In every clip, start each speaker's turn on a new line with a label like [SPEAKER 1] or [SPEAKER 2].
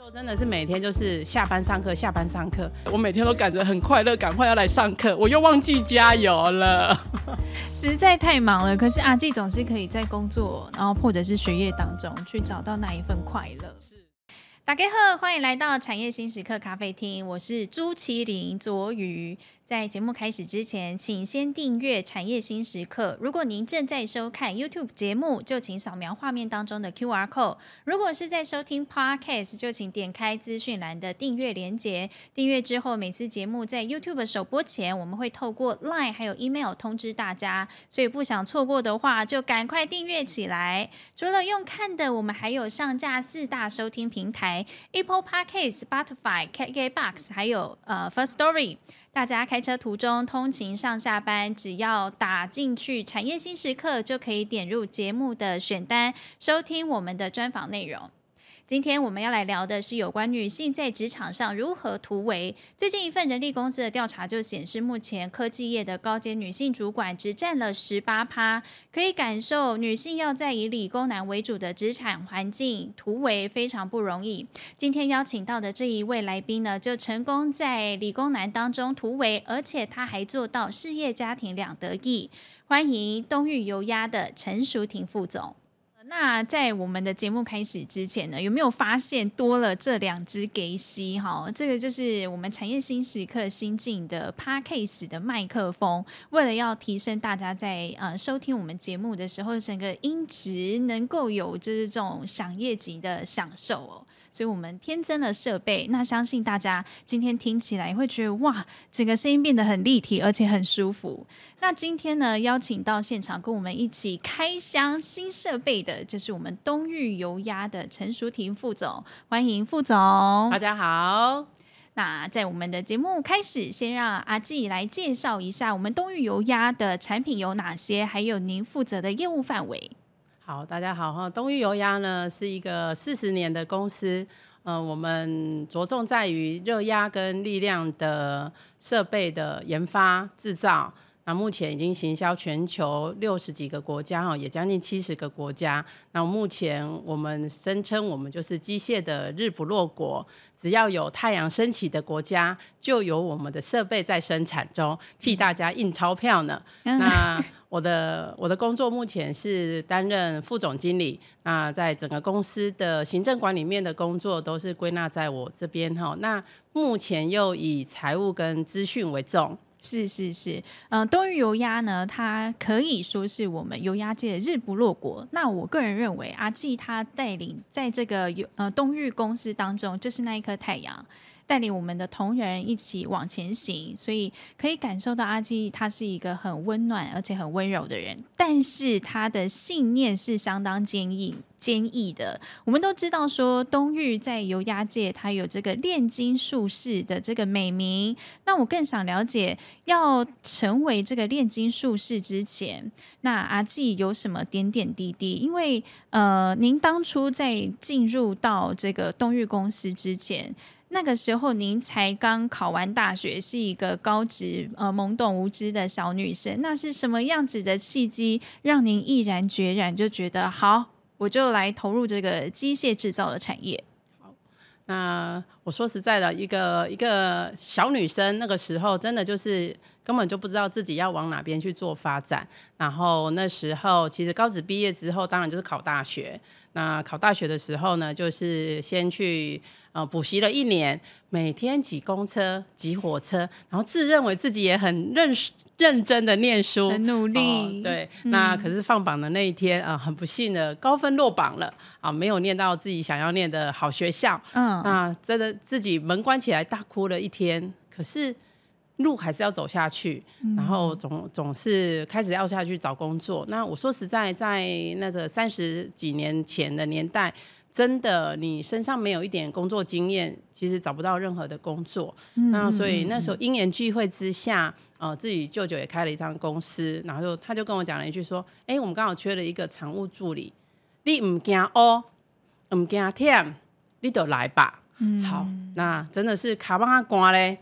[SPEAKER 1] 說真的是每天就是下班上課，下班上課，我每天都感覺，很快樂，趕快要來上課，我又忘記加油了，
[SPEAKER 2] 實在太忙了。可是阿 G 總是可以在工作，然後或者是學業當中去找到那一份快樂。是，大家好，歡迎來到產業心時刻咖啡廳，我是朱麒麟、卓瑜。在節目開始之前，請先訂閱《產業心時刻》。如果您正在收看 YouTube 節目，就請掃描畫面當中的 QR code；如果是在收聽 Podcast，就請點開資訊欄的訂閱鏈接。訂閱之後，每次節目在 YouTube 首播前，我們會透過 Line 還有 Email 通知大家。所以不想錯過的話，就趕快訂閱起來。除了用看的，我們還有上架四大收聽平台：Apple Podcast、Spotify、KKBOX，還有呃 First Story。大家開車途中、通勤上下班，只要打進去“產業心時刻”，就可以點入節目的選單，收聽我們的專訪內容。今天我們要來聊的是有關女性在職場上如何突圍。最近一份人力公司的調查就顯示，目前科技業的高階女性主管只占了十八趴。可以感受，女性要在以理工男為主的職場環境突圍非常不容易。今天邀請到的這一位來賓呢，就成功在理工男當中突圍，而且他還做到事業家庭兩得意。歡迎東毓油壓的陳淑婷副總。那在我們的節目開始之前呢，有沒有發現多了這兩支給 C 哈？這個就是我們產業新時刻新進的 Podcast 的麥克風。為了要提升大家在呃收聽我們節目的時候，整個音質能夠有就是這種饗宴級的享受哦。所以我們添增了設備，那相信大家今天聽起來會覺得哇，整個聲音變得很立體，而且很舒服。那今天呢，邀請到現場跟我們一起開箱新設備的。這、就是我們東毓油壓的陳淑婷副總，歡迎副總。大家好。那在我們的節目開始，先讓阿季來介紹一下我們東毓油壓的產品有哪些，還有您負責的業務範圍。
[SPEAKER 1] 好，大家好哈，東毓油壓呢是一個四十年的公司，呃，我們着重在於熱壓跟力量的設備的研發製造。那目前已經行銷全球六十幾個國家，哈，也將近七十個國家。那目前我們聲稱我們就是機械的日不落國，只要有太陽升起的國家，就有我們的設備在生產中替大家印鈔票呢。那我的我的工作目前是擔任副總經理，那在整個公司的行政管理面的工作都是歸納在我這邊，哈。那目前又以財務跟資訊為重。
[SPEAKER 2] 是是是，呃，東毓油壓呢，它可以說是我們油壓界的日不落國。那我個人認為，阿姐他帶領在這個油呃東毓公司當中，就是那一顆太陽。帶領我們的同仁一起往前行，所以可以感受到阿紀他是一個很溫暖而且很溫柔的人，但是他的信念是相當堅毅、堅毅的。我們都知道說，東毓在油壓界，他有這個煉金術士的這個美名。那我更想了解，要成為這個煉金術士之前，那阿紀有什麼點點滴滴？因為呃，您當初在進入到這個東毓公司之前，那個時候您才剛考完大學，是一個高職呃懵懂無知的小女生。那是什麼樣子的契機，讓您毅然決然就覺得好，我就來投入這個機械製造的產業？好，
[SPEAKER 1] 那我說實在的，一個一個小女生，那個時候真的就是根本就不知道自己要往哪邊去做發展。然後那時候其實高職畢業之後，當然就是考大學。那考大學的時候呢，就是先去。啊、呃，補習了一年，每天擠公車、擠火車，然後自認為自己也很認認真的念書，很努力。呃、對、嗯，那可是放榜的那一天啊、呃，很不幸的高分落榜了啊、呃，沒有念到自己想要念的好學校。嗯，那、呃、真的自己門關起來大哭了一天。可是路還是要走下去，嗯、然後總總是開始要下去找工作。那我說實在，在那個三十幾年前的年代。真的，你身上沒有一點工作經驗，其實找不到任何的工作。嗯、那所以那時候因緣聚會之下，呃，自己舅舅也開了一家公司，然後就他就跟我講了一句說：“哎，我們剛好缺了一個廠務助理，你唔驚哦，唔驚天，你都來吧。嗯”好，那真的是卡邦阿關嘞，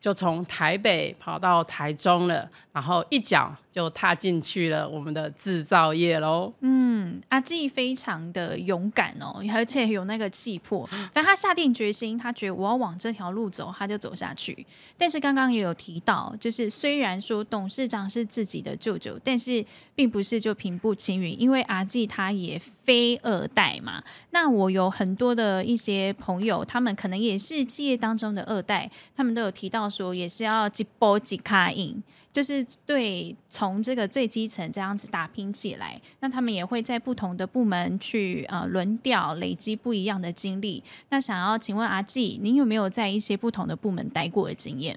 [SPEAKER 1] 就從台北跑到台中了。然後一腳就踏進去了我們的制造業嘍。
[SPEAKER 2] 嗯，阿姐非常的勇敢哦，而且有那個氣魄。反正他下定決心，他覺得我要往這條路走，他就走下去。但是剛剛也有提到，就是雖然說董事長是自己的舅舅，但是並不是就平步青雲，因為阿姐他也非二代嘛。那我有很多的一些朋友，他們可能也是企業當中的二代，他們都有提到說，也是要一步一腳印。就是對，從這個最基層這樣子打拼起來，那他們也會在不同的部門去呃輪調，累積不一樣的經歷。那想要請問阿紀，您有沒有在一些不同的部門待過的經驗？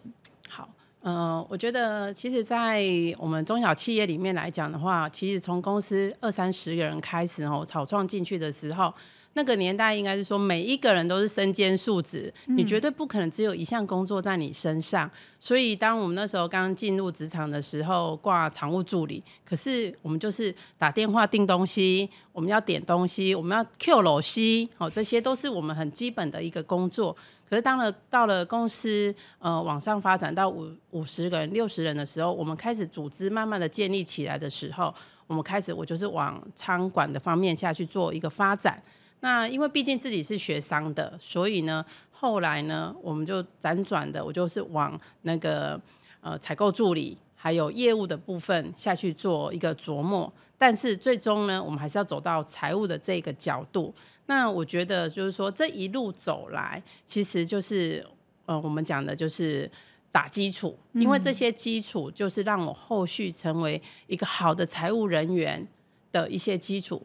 [SPEAKER 2] 好，呃，
[SPEAKER 1] 我覺得其實，在我們中小企業裡面來講的話，其實從公司二三十個人開始哦，草創進去的時候。那個年代應該是說，每一個人都是身兼數職，你絕對不可能只有一項工作在你身上。嗯、所以，當我們那時候剛進入職場的時候，掛廠務助理，可是我們就是打電話訂東西，我們要點東西，我們要 Q 樓西，哦，這些都是我們很基本的一個工作。可是，當了到了公司呃往上發展到五五十個人、六十人的時候，我們開始組織，慢慢的建立起來的時候，我們開始我就是往倉管的方面下去做一個發展。那因為畢竟自己是學商的，所以呢，後來呢，我們就輾轉的，我就是往那個呃採購助理，還有業務的部分下去做一個琢磨。但是最終呢，我們還是要走到財務的這個角度。那我覺得就是說，這一路走來，其實就是呃我們講的就是打基礎，因為這些基礎就是讓我後續成為一個好的財務人員的一些基礎。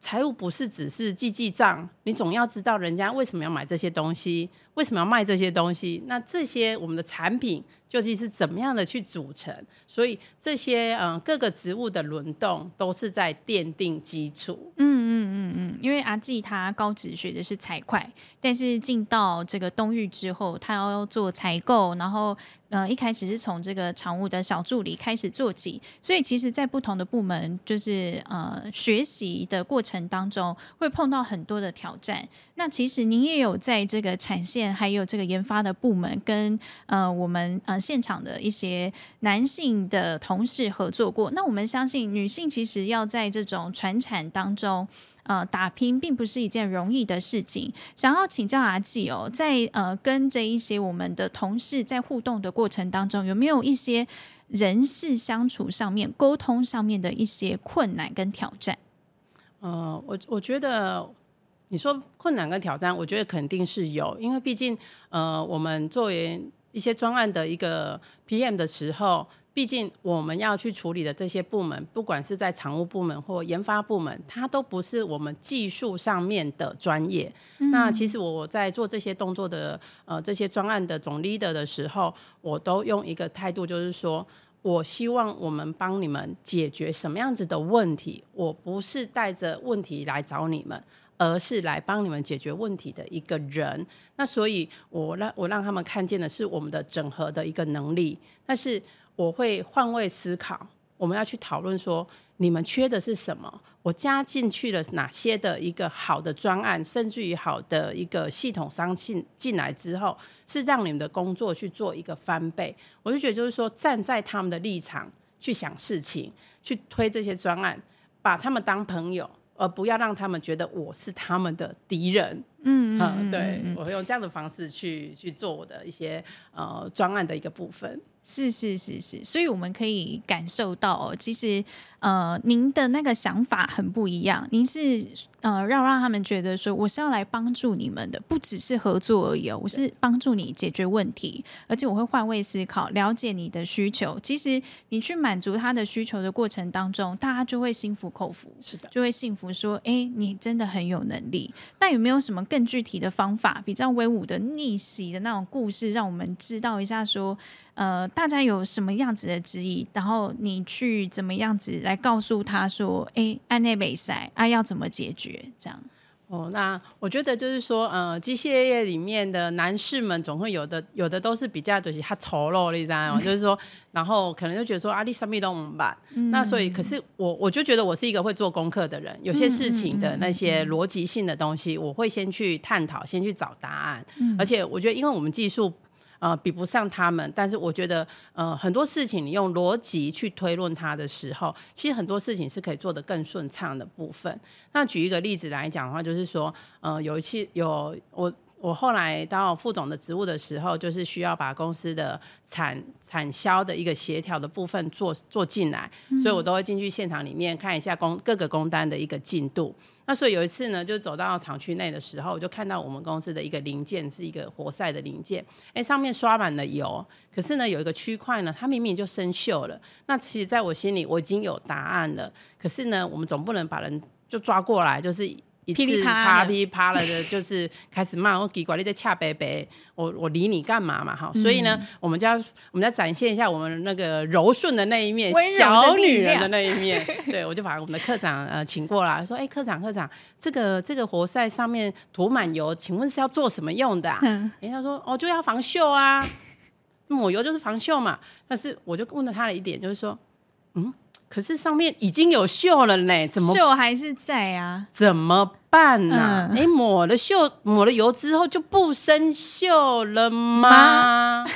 [SPEAKER 1] 財務不是只是記記帳，你總要知道人家為什麼要買這些東西。為什麼要賣這些東西？那這些我們的產品究竟是怎麼樣的去組成？所以這些嗯、呃、各個職務的輪動都是在奠定
[SPEAKER 2] 基礎。嗯嗯嗯嗯，因為阿季他高職學的是財會，但是進到這個東毓之後，他要做採購，然後嗯、呃，一開始是從這個廠務的小助理開始做起，所以其實，在不同的部門，就是呃學習的過程當中，會碰到很多的挑戰。那其實您也有在這個產線，還有這個研發的部門跟，跟呃我們呃現場的一些男性的同事合作過。那我們相信，女性其實要在這種傳產當中呃打拼，並不是一件容易的事情。想要請教阿姐哦，在呃跟這一些我們的同事在互動的過程當中，有沒有一些人事相處上面、溝通上面的一些困難跟挑戰？
[SPEAKER 1] 呃，我我覺得。你說困難跟挑戰，我覺得肯定是有，因為畢竟，呃，我們作為一些專案的一個 PM 的時候，畢竟我們要去處理的這些部門，不管是在廠務部門或研发部門，它都不是我們技術上面的專業。嗯。那其實我在做這些動作的，呃，這些專案的總 leader 的時候，我都用一個態度，就是說我希望我們幫你們解決什麼樣子的問題，我不是帶着問題來找你們。而是來幫你們解決問題的一個人，那所以，我讓我讓他們看見的是我們的整合的一個能力。但是我會換位思考，我們要去討論說你們缺的是什麼，我加進去了哪些的一個好的專案，甚至於好的一個系統商進進來之後，是讓你們的工作去做一個翻倍。我就覺得就是說，站在他們的立場去想事情，去推這些專案，把他們當朋友。而不要讓他們覺得我是他們的敵人，嗯嗯嗯嗯嗯。嗯，對，我會用
[SPEAKER 2] 這樣的方式去去做我的一些呃專案的一個部分。是是是是，所以我們可以感受到哦，其實呃，您的那個想法很不一樣。您是呃，要讓他們覺得說，我是要來幫助你們的，不只是合作而已哦，我是幫助你解決問題，而且我會換位思考，了解你的需求。其實你去滿足他的需求的過程當中，大家就會心服口服。是的，就會信服說，哎，你真的很有能力。那有沒有什麼更具體的方法，比較威武的逆襲的那種故事，讓我們知道一下說？呃，大家有什麼樣子的質疑，然後你去怎麼樣子來告訴他說，哎，安呢袂使啊要怎麼解決？這樣
[SPEAKER 1] 哦，那我覺得就是說，呃，機械業裡面的男士們總會有的，有的都是比較就是他醜陋，你知道嗎？ 就是說，然後可能就覺得說啊你什麼都滿、嗯，那所以可是我我就覺得我是一個會做功課的人，有些事情的那些邏輯性的東西，嗯嗯嗯我會先去探討，先去找答案，嗯、而且我覺得，因為我們技術。呃，比不上他們，但是我覺得，呃，很多事情你用邏輯去推論它的時候，其實很多事情是可以做得更順暢的部分。那舉一個例子來講的話，就是說，呃，有一期有我。我後來到副總的職務的時候，就是需要把公司的產產銷的一個協調的部分做做進來，所以我都會進去現場裡面看一下工各個工單的一個進度。那所以有一次呢，就走到廠區內的時候，我就看到我們公司的一個零件是一個活塞的零件，哎，上面刷滿了油，可是呢，有一個區塊呢，它明明就生鏽了。那其實在我心裡我已經有答案了，可是呢，我們總不能把人就抓過來，就是。噼里啪噼啪了的，啪啪的啪啪的。 就是開始罵我，我，給管理在恰北北，我我理你幹嘛嘛？哈、嗯，所以呢，我們就要我們要展現一下我們那個柔順的那一面，小女人的那一面。 對，我就把我們的課長呃請過來，說，哎、欸，課長課長，這個這個活塞上面塗滿油，請問是要做什麼用的、啊？嗯，哎、欸，他說，哦，就要防鏽啊，抹油就是防鏽嘛。但是我就問了他了一點，就是說，嗯。可是上面已經有鏽了呢，怎麼鏽還是
[SPEAKER 2] 在啊？
[SPEAKER 1] 怎麼辦呢、啊？哎、嗯，抹了鏽，抹了油之後就不生鏽了嗎？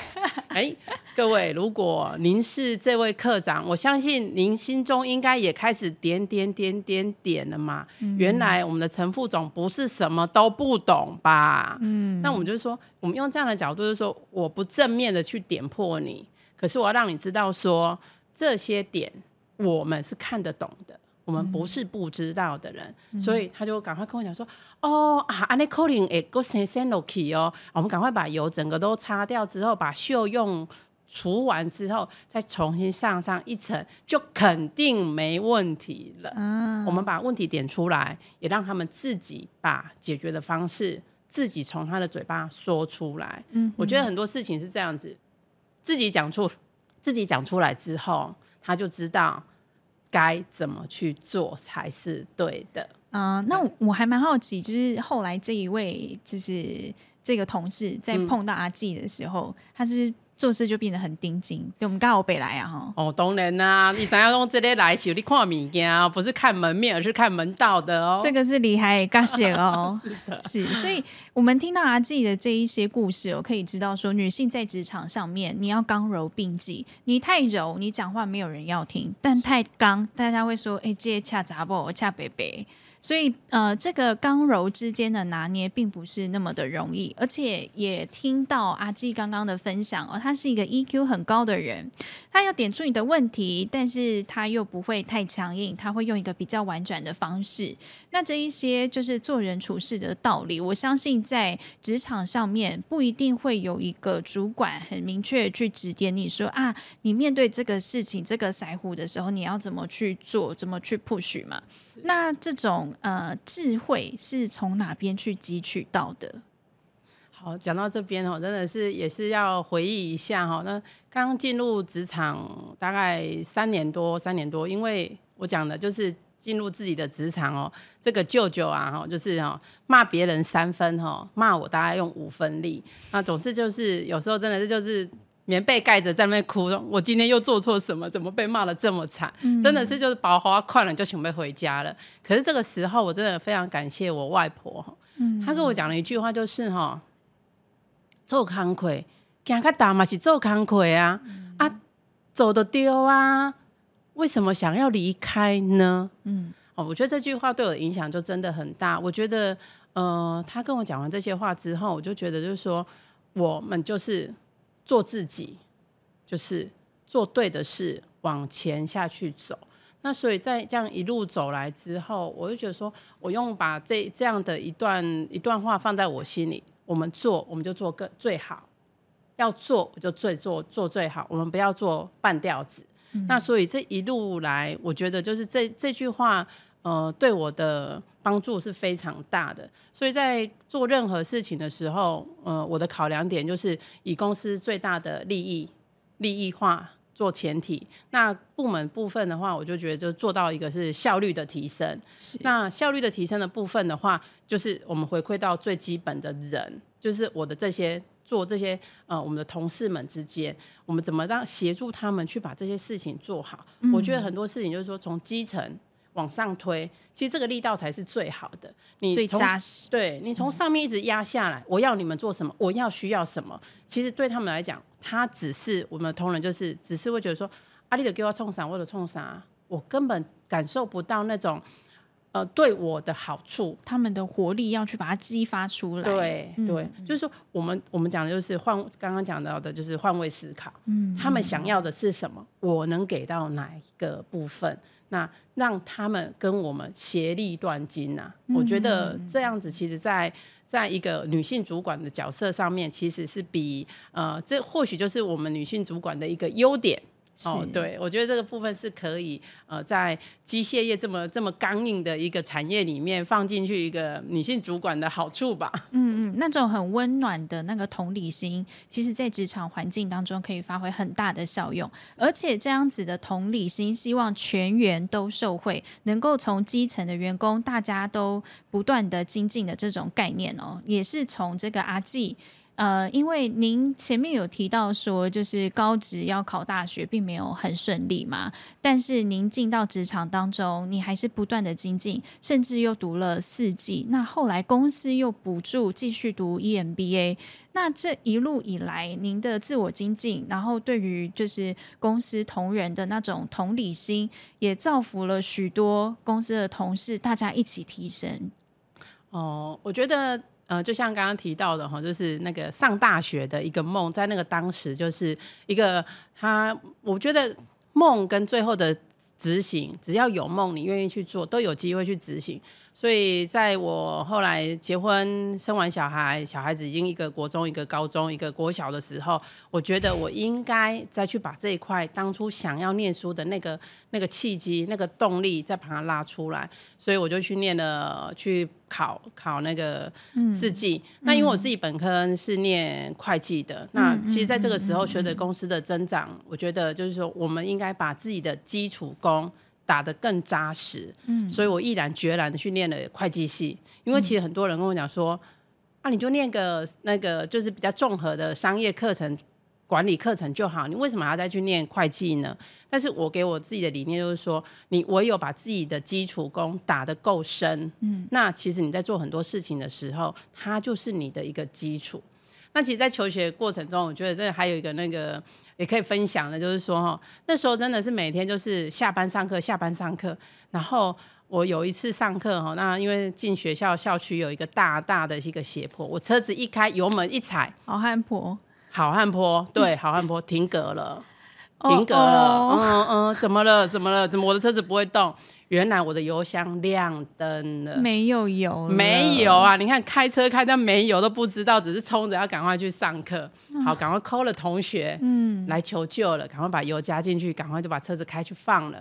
[SPEAKER 1] 各位，如果您是這位課長，我相信您心中應該也開始點點點點點，點了嘛，嗯。原來我們的陳副總不是什麼都不懂吧？嗯，那我們就說，我們用這樣的角度，就是說，我不正面的去點破你，可是我要讓你知道說這些點。我們是看得懂的，我們不是不知道的人，嗯、所以他就趕快跟我講說：“嗯、哦啊，Anikolin a g o l d e s a n o k i 哦、啊，我們趕快把油整個都擦掉之後，把鏽用除完之後，再重新上上一層，就肯定沒問題了、啊。我們把問題點出來，也讓他們自己把解決的方式自己從他的嘴巴說出來、嗯。我覺得很多事情是這樣子，自己講出，自己講出來之後。”他就知道該怎麼去做才是
[SPEAKER 2] 對的。嗯、呃，那我還蠻好奇，就是後來這一位，就是這個同事在碰到阿 G 的時候，嗯、他是。做事就變得很定靜，對我們剛柔北來啊哈！哦，
[SPEAKER 1] 當然啦、啊，你想要用這些來修，就 你看物件、啊，不是看門面，而是看門道的哦。這個是
[SPEAKER 2] 厲害，感謝哦。 是的，是。所以，我們聽到阿姐的這一些故事哦，可以知道說，女性在職場上面，你要剛柔並濟。你太柔，你講話沒有人要聽；但太剛，大家會說，哎、欸，這恰查某，恰北北。所以，呃，這個剛柔之間的拿捏並不是那麼的容易，而且也聽到阿基剛剛的分享哦，他是一個 EQ 很高的人，他要點出你的問題，但是他又不會太強硬，他會用一個比較婉轉的方式。那這一些就是做人處事的道理，我相信在職場上面不一定會有一個主管很明確去指點你說啊，你面對這個事情、這個塞虎的時候，你要怎麼去做，怎麼去 push 嘛。那這種呃智慧，是從哪邊去汲取到的？
[SPEAKER 1] 好，講到這邊哦，真的是也是要回憶一下哈。那剛進入職場大概三年多，三年多，因為我講的就是進入自己的職場哦。這個舅舅啊哈，就是哈罵別人三分哈，罵我大概用五分力，那總是就是有時候真的是就是。棉被蓋着在那哭，我今天又做錯什麼？怎麼被罵得這麼慘，嗯？真的是就是包袱款款了，就準備回家了。可是這個時候，我真的非常感謝我外婆，嗯、她跟我講了一句話，就是哈，做慷慨，講個打嘛是做慷慨啊啊，走的丟啊，為什麼想要離開呢，嗯？哦，我覺得這句話對我的影響就真的很大。我覺得，呃，她跟我講完這些話之後，我就覺得就是說，我們就是。做自己，就是做對的事，往前下去走。那所以在這樣一路走來之後，我就覺得說，我用把這這樣的一段一段話放在我心裡。我們做，我們就做更最好；要做，我就最做做最好。我們不要做半吊子。嗯。那所以這一路來，我覺得就是這這句話。呃，對我的幫助是非常大的，所以在做任何事情的時候，呃，我的考量點就是以公司最大的利益、利益化做前提。那部門部分的話，我就覺得就做到一個是效率的提升。是。那效率的提升的部分的話，就是我們回饋到最基本的人，就是我的這些做這些呃，我們的同事們之間，我們怎麼讓協助他們去把這些事情做好。嗯，我覺得很多事情就是說從基層，往上推，其實這個力道才是最好的。你從最扎實，對你從上面一直壓下來，嗯，我要你們做什麼，我要需要什麼。其實對他們來講，他只是我們同仁，就是只是會覺得說，阿力的給我衝啥，我得衝啥，我根本感受不到那種。呃，對我的好處，他們的活力要去把它激發出來。對對、嗯，就是說，我們我們講的就是換剛剛講到的，就是換位思考。嗯，他們想要的是什麼？我能給到哪一個部分？那讓他們跟我們協力斷金啊！嗯、我覺得這樣子，其實在，在在一個女性主管的角色上面，其實是比呃，這或許就是我們女性主管的一個優點。哦，對，我覺得這個部分是可以，呃，在機械業這麼這麼剛硬的一個產業裡面，放進去一個女性主管的好處吧。嗯
[SPEAKER 2] 嗯，那種很溫暖的那個同理心，其實在職場環境當中可以發揮很大的效用。而且這樣子的同理心，希望全員都受惠，能夠從基層的員工，大家都不斷的精進的這種概念哦，也是從這個阿季。呃，因為您前面有提到說，就是高職要考大學並沒有很順利嘛，但是您進到職場當中，你還是不斷的精進，甚至又讀了四技，那後來公司又補助繼續讀 EMBA，那這一路以來，您的自我精進，然後對於就是公司同仁的那種同理心，也造福了許多公司的同事，大家一起提升。
[SPEAKER 1] 哦、呃，我覺得。呃，就像剛剛提到的哈，就是那個上大學的一個夢，在那個當時就是一個他，我覺得夢跟最後的執行，只要有夢，你願意去做，都有機會去執行。所以，在我後來結婚、生完小孩，小孩子已經一個國中、一個高中、一個國小的時候，我覺得我應該再去把這一塊當初想要念書的那個、那個契機、那個動力再把它拉出來，所以我就去念了，去考考那個四技、嗯。那因為我自己本科是念會計的，嗯、那其實在這個時候、嗯、隨著公司的增長、嗯，我覺得就是說，我們應該把自己的基礎功打得更紮實，嗯，所以我毅然決然的去念了會計系，因為其實很多人跟我講說，嗯、啊，你就念個那個就是比較綜合的商業課程、管理課程就好，你為什麼還要再去念會計呢？但是我給我自己的理念就是說，你唯有把自己的基礎功打得夠深，嗯，那其實你在做很多事情的時候，它就是你的一個基礎。那其實，在求學的過程中，我覺得這還有一個那個。也可以分享的，就是說哦，那時候真的是每天就是下班上課，下班上課。然後我有一次上課哈，那因為進學校校區有一個大大的一個斜坡，我車子一開油門一踩，好漢坡，好漢坡，對，好漢坡 停格了，
[SPEAKER 2] 停格了，oh, oh, oh. 嗯嗯，嗯，
[SPEAKER 1] 怎麼了？怎麼了？怎麼我的車子不會動？原來我的油箱亮燈了，
[SPEAKER 2] 沒有油，沒有啊！
[SPEAKER 1] 你看開車開到沒油都不知道，只是衝着要趕快去上課，嗯，好，趕快 call 了同學，嗯，來求救了，趕快把油加進去，趕快就把車子開去放了。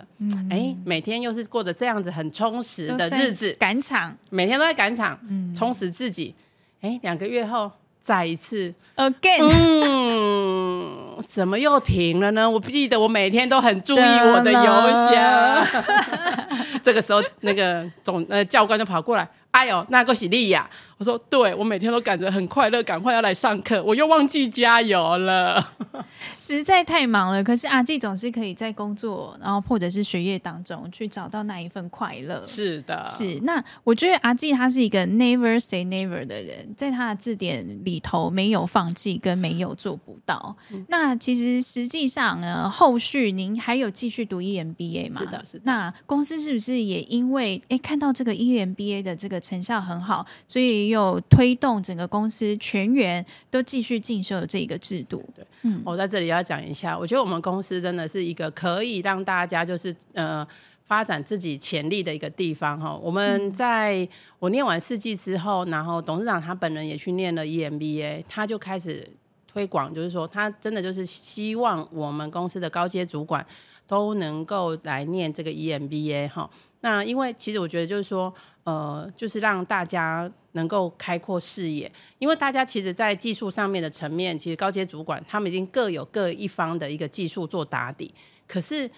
[SPEAKER 1] 哎、嗯，每天又是過着這樣子很充實的日子，趕場，每天都在趕場，嗯、充實自己。哎，兩個月後。再一次，again，、okay. 嗯、 怎麼又停了呢？我不記得我每天都很注意我的油箱。 這個時候，那個總呃教官就跑過來，哎呦，那個是利亞、啊。我說對，我每天都感覺很快樂，趕快要來
[SPEAKER 2] 上課，我又忘記加油了， 實在太忙了。可是阿姐總是可以在工作，然後或者是學業當中去找到那一份快樂。是的，是。那我覺得阿姐他是一個 never say never 的人，在他的字典裡頭沒有放棄跟沒有做不到。嗯。那其實實際上呢，後續您還有繼續讀 EMBA 嗎？是的，是的。那公司是不是也因為，哎，看到這個 EMBA 的這個成效很好，所以又推動整個公司全員都繼續進修的這一個制度。對，嗯，我在這裡要講一下，我覺得我們公司真的是一
[SPEAKER 1] 個可以讓大家就是呃發展自己潛力的一個地方哈。我們在、嗯、我念完四技之後，然後董事長他本人也去念了 EMBA，他就開始推廣，就是說他真的就是希望我們公司的高階主管都能夠來念這個 EMBA 哈。那因為其實我覺得就是說，呃，就是讓大家，能夠開闊視野，因為大家其實，在技術上面的層面，其實高階主管他們已經各有各一方的一個技術做打底。可是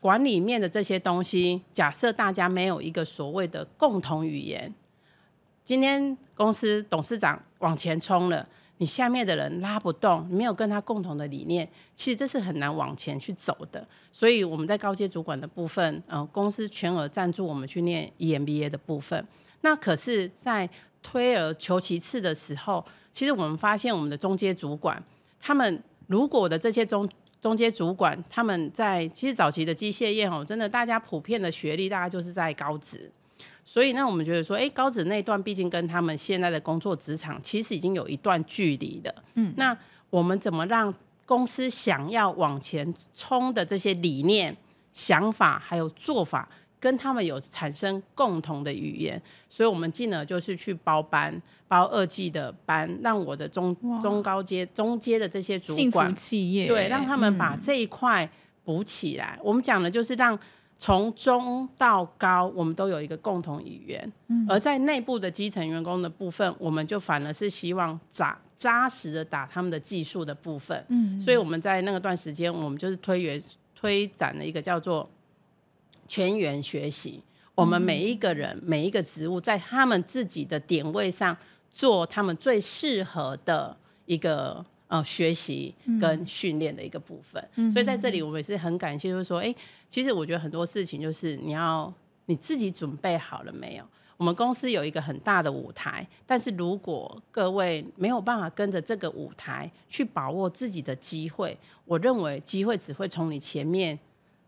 [SPEAKER 1] 管理面的這些東西，假設大家沒有一個所謂的共同語言，今天公司董事長往前衝了，你下面的人拉不動，你沒有跟他共同的理念，其實這是很難往前去走的。所以我們在高階主管的部分，呃，公司全額贊助我們去念 EMBA 的部分。那可是，在推而求其次的時候，其實我們發現我們的中間主管，他們如果的這些中中間主管，他們在其實早期的機械業哦，真的大家普遍的學歷大概就是在高職，所以呢，我們覺得說，哎，高職那段畢竟跟他們現在的工作職場其實已經有一段距離了，嗯，那我們怎麼讓公司想要往前衝的這些理念、想法還有做法，跟他們有產生共同的語言，所以我們進而就是去包班、包二級的班，讓我的中中高階、中階的這些主管、企業對，讓他們把這一塊補起來、嗯。我們講的就是讓從中到高，我們都有一個共同語言。嗯、而在內部的基層員工的部分，我們就反而是希望扎扎實地打他們的技術的部分。嗯、所以我們在那個段時間，我們就是推員推展了一個叫做。全員學習，我們每一個人、嗯、每一個職務，在他們自己的點位上做他們最適合的一個呃學習跟訓練的一個部分、嗯。所以在這裡我們也是很感謝，就是說，哎、欸，其實我覺得很多事情就是你要你自己準備好了沒有？我們公司有一個很大的舞台，但是如果各位沒有辦法跟着這個舞台去把握自己的機會，我認為機會只會從你前面，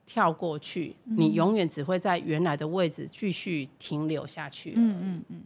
[SPEAKER 1] 跳過去，你永遠只會在原來的位置繼續停留下
[SPEAKER 2] 去。嗯嗯嗯，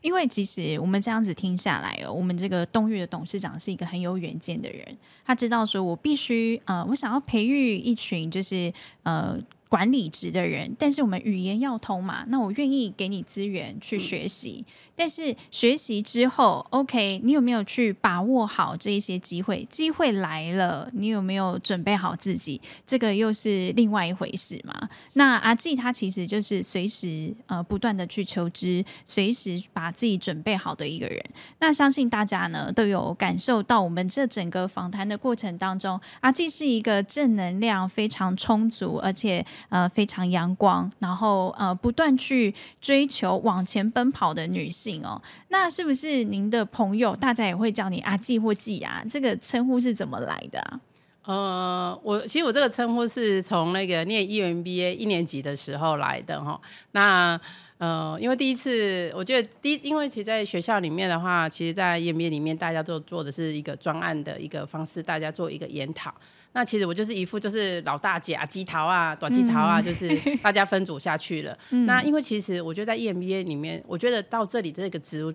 [SPEAKER 2] 因為其實我們這樣子聽下來，我們這個東毓的董事長是一個很有遠見的人，他知道說，我必須呃，我想要培育一群，就是呃。管理職的人，但是，我們語言要通嘛，那我願意給你資源去學習，嗯、但是學習之後，OK，你有沒有去把握好這些機會？機會來了，你有沒有準備好自己？這個又是另外一回事嘛。那阿季他其實就是隨時呃不斷的去求知，隨時把自己準備好的一個人。那相信大家呢都有感受到，我們這整個訪談的過程當中，阿季是一個正能量非常充足，而且。呃，非常陽光，然後呃，不斷去追求往前奔跑的女性哦。那是不是您的朋友，大家也會叫你阿姐、啊、或姐呀、啊？這個稱呼是怎麼來的、
[SPEAKER 1] 啊？呃，我其實我這個稱呼是從那個念 EMBA 一年級的時候來的哈、哦。那呃，因為第一次我記得第一，因為其實在學校裡面的話，其實，在 EMBA 裡面大家都做，做的是一個專案的一個方式，大家做一個研討。那其實我就是一副就是老大姐啊，雞桃啊，短雞桃啊、嗯，就是大家分組下去了、嗯。那因為其實我覺得在 EMBA 裡面，我覺得到這裡這個職務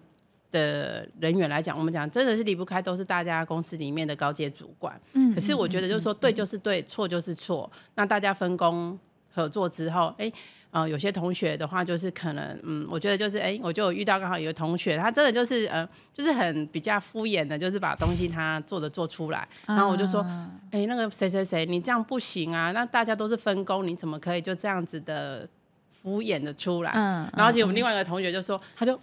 [SPEAKER 1] 的人員來講，我們講真的是離不開都是大家公司裡面的高階主管、嗯。可是我覺得就是說，對就是對，嗯、錯就是錯，那大家分工。合作之後，哎、呃，有些同學的話就是可能，嗯，我覺得就是，哎，我就遇到剛好有個同學，他真的就是，嗯、呃，就是很比較敷衍的，就是把東西他做的做出來。然後我就說，哎、嗯，那個誰誰誰，你這樣不行啊！那大家都是分工，你怎麼可以就這樣子的敷衍的出來？嗯嗯、然後我們另外一個同學就說，他就，哦、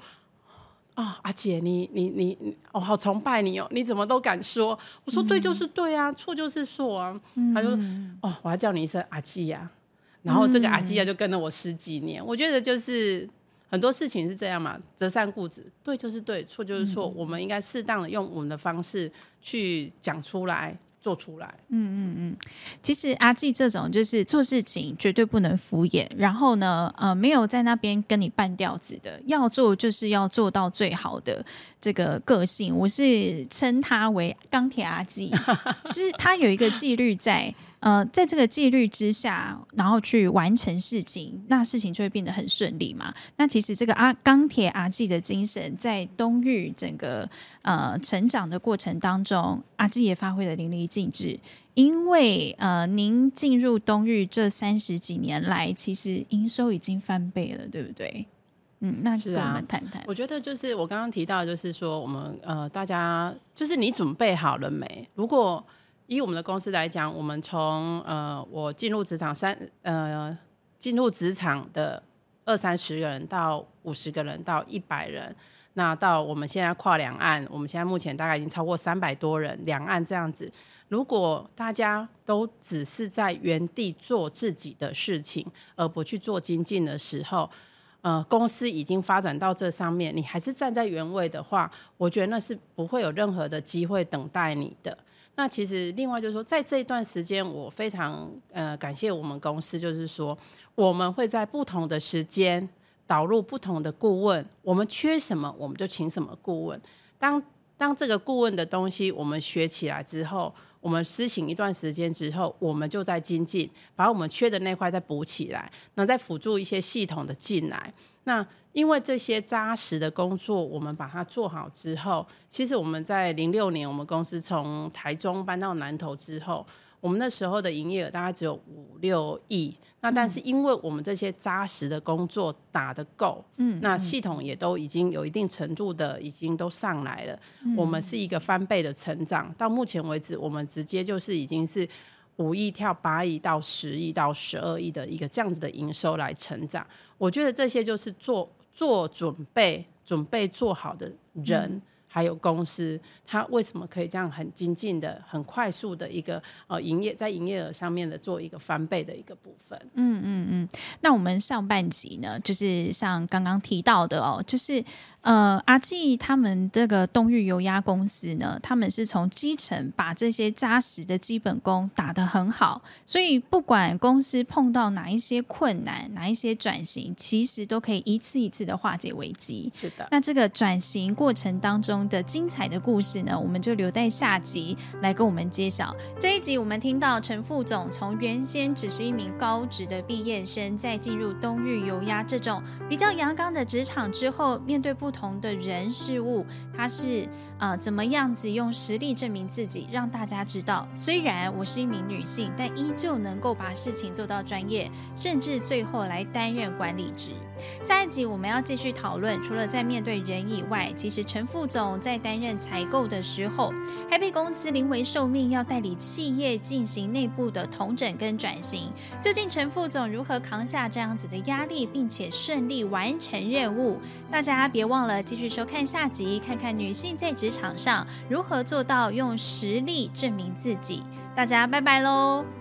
[SPEAKER 1] 啊，阿姐，你你你，我、哦、好崇拜你哦，你怎麼都敢說？我說對就是對啊，嗯、錯就是錯啊、嗯。他就，哦，我要叫你一聲阿、啊、姐呀、啊。
[SPEAKER 2] 然後這個阿基亞
[SPEAKER 1] 就跟了我十幾年，嗯、我覺得就是很多事情是這樣嘛，擇善固執，對就是對，錯就是錯，嗯、我們應該適當地用我們的方式去講出來。做出來嗯，嗯
[SPEAKER 2] 嗯嗯，其實阿姐這種就是做事情絕對不能敷衍，然後呢，呃，沒有在那邊跟你半吊子的，要做就是要做到最好的這個個性。我是稱他為鋼鐵阿姐， 就是他有一個紀律在，呃，在這個紀律之下，然後去完成事情，那事情就會變得很順利嘛。那其實這個阿鋼鐵阿姐的精神，在東毓整個呃成長的過程當中，阿姐也發揮的淋漓。禁止，因為呃，您進入東毓這三十幾年來，其實營收已經翻倍了，對不對？嗯，那我們談
[SPEAKER 1] 談是啊，談談。我覺得就是我剛剛提到，就是說我們呃，大家就是你準備好了沒？如果以我們的公司來講，我們從呃，我進入職場三，呃，進入職場的二三十個人到五十個人到，個人到一百人。那到我們現在跨兩岸，我們現在目前大概已經超過三百多人，兩岸這樣子，如果大家都只是在原地做自己的事情，而不去做精進的時候，呃，公司已經發展到這上面，你還是站在原位的話，我覺得那是不會有任何的機會等待你的。那其實另外就是說，在這段時間，我非常呃感謝我們公司，就是說我們會在不同的時間，導入不同的顧問，我們缺什麼我們就請什麼顧問。當當這個顧問的東西我們學起來之後，我們施行一段時間之後，我們就再精進，把我們缺的那塊再補起來，那再輔助一些系統的進來。那因為這些紮實的工作，我們把它做好之後，其實我們在零六年我們公司從台中搬到南投之後。我們那時候的營業額大概只有五六億，那但是因為我們這些扎實的工作打得夠嗯，嗯，那系統也都已經有一定程度的已經都上來了，嗯，我們是一個翻倍的成長。到目前為止，我們直接就是已經是五億跳八億到十億到十二億的一個這樣子的營收來成長。我覺得這些就是做做準備，準備做好的人。嗯還有公司，它為什麼可以這樣很精進的、很快速的一個呃營業，在營業額上面的做一個翻倍的一個部分？
[SPEAKER 2] 嗯嗯嗯。那我們上半集呢，就是像剛剛提到的哦，就是。呃，阿紀他們這個東毓油壓公司呢，他們是從基層把這些扎實的基本功打得很好，所以不管公司碰到哪一些困難，哪一些轉型，其實都可以一次一次的化解危機。是的。那這個轉型過程當中的精彩的故事呢，我們就留在下集來跟我們揭曉。這一集我們聽到陳副總從原先只是一名高職的畢業生，在進入東毓油壓這種比較陽剛的職場之後，面對不不同的人事物，他是啊、呃，怎麼樣子用實力證明自己，讓大家知道，雖然我是一名女性，但依舊能夠把事情做到專業，甚至最後來擔任管理職。下一集我們要繼續討論，除了在面對人以外，其實陳副總在擔任採購的時候，還被公司臨危受命要代理企業進行內部的重整跟轉型。究竟陳副總如何扛下這樣子的壓力，並且順利完成任務？大家別忘。忘了繼續收看下集，看看女性在職場上如何做到用實力證明自己。大家拜拜嘍！